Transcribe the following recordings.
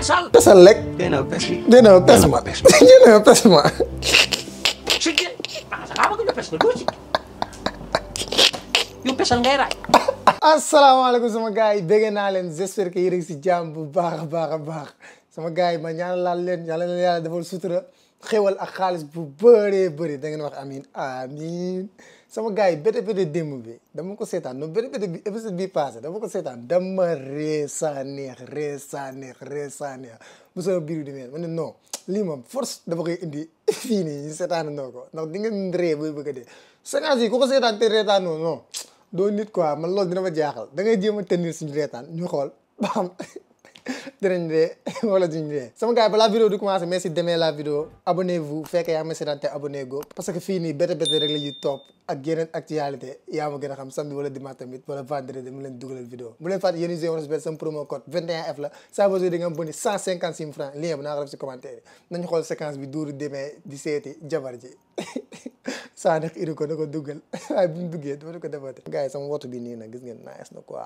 pesal. pesal lekk. génneew pes bi génneew pes ma génneew pes ma. su je ah ça va ma gën a pes ma doo ci yow pesal ngay raay. asalaamaaleykum sama gars yi bëgg naa leen j'espère que yéen a ngi si jàmm bu baax a baax a baax sama gars yi ma ñaan laal leen yàlla na yàlla defal sutura. xéwal ak xaalis bu bëree bëri da ngeen wax amin amin sama gars yi bété bété démb bi dama ko seetaan non bété bété bi bi passé dama ko seetaan dama reesa neex reesa neex reesa neex bu sama biir di meen ma ne non lii moom force dafa koy indi fii nii ñu seetaan noo ko ndax di ngeen ree booy bëgg a dee séquence ko seetaan te reetaan noonu non doo nit quoi man loolu dina ma jaaxal da ngay jéem a tenir suñu reetaan ñu xool dinañ dee wala duñ dee sama gars yi balaa vidéo di commencer merci d'aimer la vidéo abonnez-vous fekk yaa ma seetaan te abonné go parce que fii nii bete bete rek la topp ak yeneen actualité yaa ma gën a xam samedi wala dimanche tamit wala vendredi mu leen dugalal vidéo mu leen fàtte yéen usé woon spécial sama promo code 21F la ça veut dire di nga am boni cent cinquante six francs lien bi naa ko def commentaire yi nañ bi duuru demee di seeti jabar ji bu mu ko defaate bi nii nag gis ngeen nice na quoi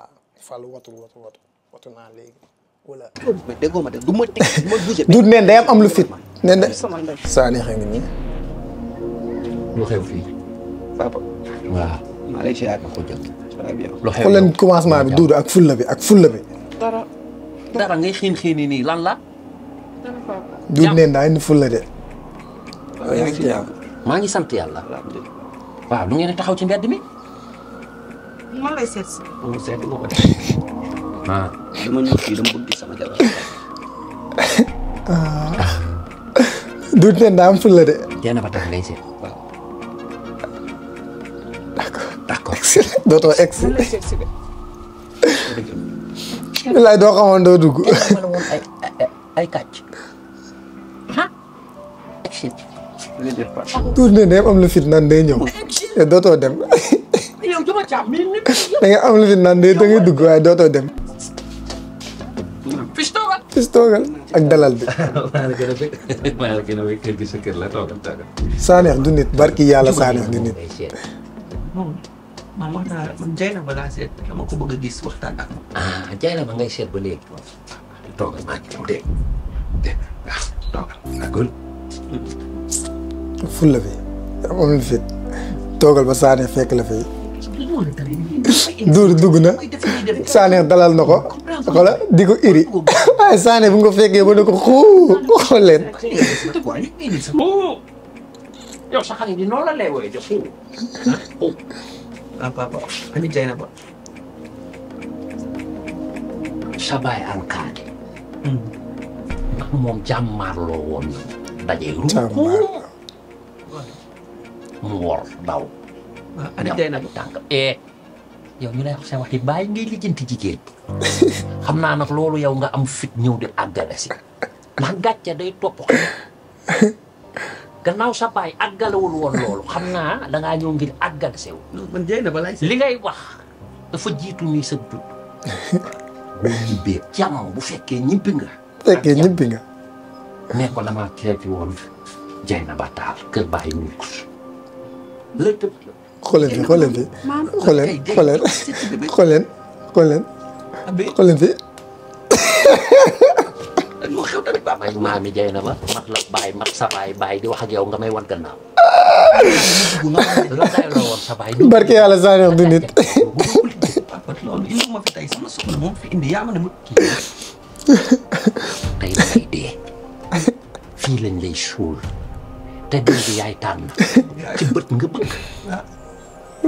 fàllu wotul wotu wotu wotu naa wala. mais déggoo ma de du ma teg du ma bougé. du neen day am am lu fit. neen de saa neexee ngi nii. lu xew fii. papa. waaw. maa lay siy yaakaar ko jël. lu xew leen commencement bi duudu ak fulla bi ak fulla bi. dara dara ngay xiin xiini nii lan la. duud neen daa indi fulla de. maa ngi sant yàlla. waaw lu ngeen di taxaw ci mbedd mi. man lay seet si. ah dama ñëw fii dama bëgg sama jabar. ah. ne daa am ful la de. jéem a ba tax d' accord d' dugg. ay ay kàcc. tourné ne am la fit naan day ñëw dootoo dem da nga am la fit naan day da dugg waaye dootoo dem gis toogal ak sa kër yàlla Sanex bëgg gis waxtaan ak moom. ah Dieynaba ngay fulla fi toogal ba Sanex fekk la fi. duur dugg na dalal na ko xola iri. Vai sana vungofika yebono ko khu ko let. Yo saka di nola lewe jo Apa apa. apa? Sabai ang kade. Mong jam marlon. Mor daw. apa? yow ñu lay wax sa waxi bàyyi ngay lijjanti jigéen xam naa nag loolu yow nga am fit ñëw di àggale si ndax gàcce day topp gannaaw sa baay àggalewul woon loolu xam naa da ngaa ñëw ngir àggale sew man li ngay wax dafa jiitu nii sa dund boo ñibbee jàmm bu fekkee ñibbi fekkee ñibbi nga ne ko damaa teefi woon jay na ba kër bàyyi ñu xooleen fi xooleen fi xooleen na ba mat la baay mat sa baay di wax ak yow nga may wan gannaaw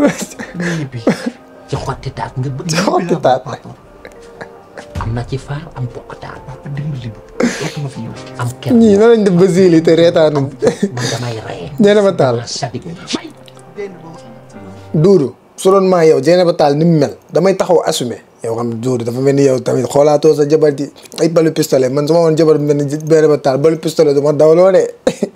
nga ñibbi ci xotti taat nga bëgg. ci xotti taat am na ci faar am bokk taat. papa dimbali ma fi ñëw. am kenn ñii nan lañ def ba zéli te reetaan nañ. man damay rey. Dieynaba Tall. Doudou su doon maa yow Dieynaba Tall ni mu mel damay taxaw assumer. yow xam Doudou dafa mel ni yow tamit xoolaatoo sa jabar ji ay balu pistolet man su ma woon jabar mel ni Dieynaba Tall balu pistolet du ma dawloo de.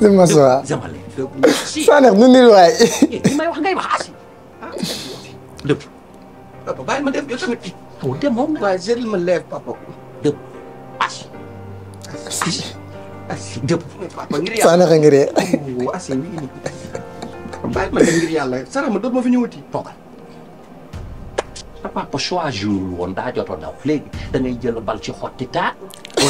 li ma soxla. jàmbale. saa neex nu niir waay. li may wax ngay wax asi. Ah. dëpp. papa bàyyi ma def yow tamit. waaw dem moom waaye jël ma lève papa. dëpp asi. asi. asi dëpp. papa ngir yàlla saa neex ngir yàlla. asi bàyyi ma def ngir yàlla sara ma dootuma fi ñëwati. toogal. sa papa choix jour woon daa jot a daw léegi da ngay jël bal ci xotti taa.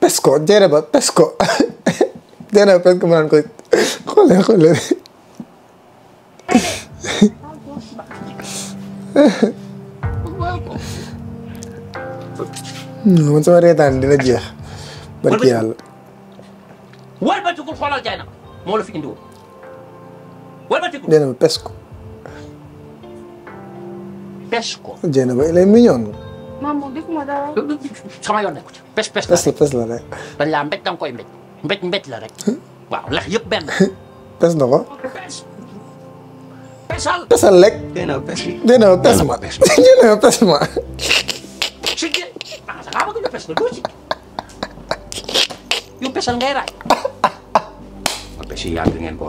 pes ko jeere ba pes ko jeere ba pes ko mu naan ko xoolee xoolee man sama reetaan dina jeex barki yàlla wal ba tigul xoolal jaay na moo la fi indi woon wal ba tigul jeere ba pes ko pes ko jeere ba il est maam moom defuma dara. sama yoon nekku ci pes pes la pes la rek. dañ laa mbéj da nga koy mbéj mbéj mbéj la rek waaw lex yëpp benn. pes na ko. pesal pesal rek. dee na pes dee na pes ma dee na pes ma. su dee ah da ngaa bëgg ñu pes la doo ci yow pesal ngay raay. pes yi yàgg ngeen ko.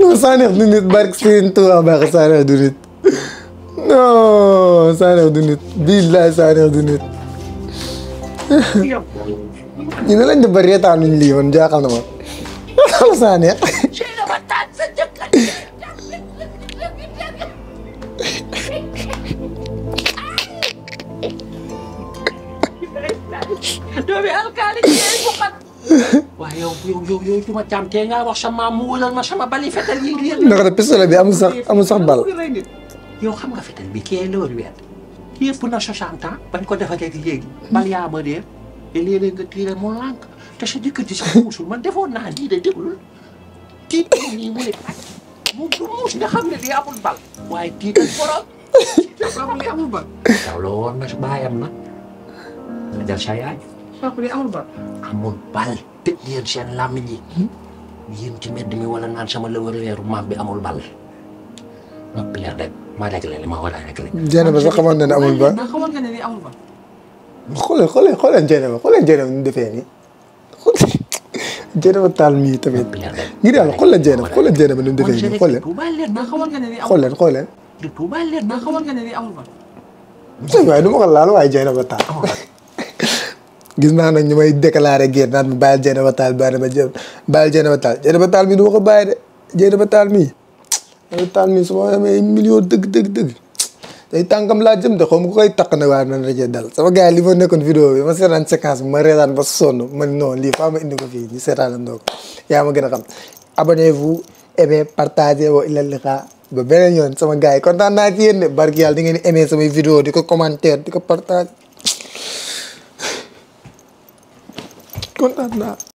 non saa neex du nit barke Serigne Touba baax saa neex du nit. No, sen öldün it. Billahi sen öldün it. Yine lan de bariye tahmin liyon diye kalma. Nasıl sen ya? Dövbe alkalik ya. yo yo yo yo cuma cam tenga waksa mamulan masa mabali fetel yingir. lebih, lebih amusak amusak bal yow xam nga fetal bi kee loolu weer yëpp na chachan ta bañ ko defaree ci léegi bal yaa ma dee te léeg-léeg nga tiire mu lànk te sa jëkkër ji sax muusul man defo na di de déglul ti ni mo le pat mo du mo nga xam ne lii amul bal waaye tiital borom tiital lii amul bal daw la woon na baayam na nga dal ay yaay papa lii amul bal amul bal te di en seen làmmiñ ni yéen ci meddi mi wala nan sama lëwër weru maam bi amul bal noppi leen rek maa laaj leen maa ne amul ban. xamoon nga ne ni amul ban. xoolee xoolee xoolee Dieynaba xoolee Dieynaba ñu defee nii Dieynaba taal mii tamit ngir yàlla xoolee Dieynaba xoolee Dieynaba ni mu defee nii xoolee. xoolee xoolee. sëñ waaye du ma ko laal waaye Dieynaba taal. Oh, gis naa nag ñu may déclaré guerre naan bàyyil Dieynaba taal bàyyil ma jë bàyyil Dieynaba taal Dieynaba taal mii du ma ko de Dieynaba taal mii. loolu taal mi su ma amee million dëgg dëgg dëgg tey tànkam laa jëm de xaw ma ku koy takk na waaye nan la cee dal sama gars yi li fa nekkoon vidéo bi ma seetaan séquence bi ma reetaan ba sonn ma ne non lii faa ma indi ko fii ñu seetaanandoo ko yaa ma gën a xam abonnez-vous aimez partagez wa ilal liqa ba beneen yoon sama gars yi kontaan naa ci yéen de barki yàlla di ngeen di aimé samay vidéo di ko commentaire di ko partage kontaan naa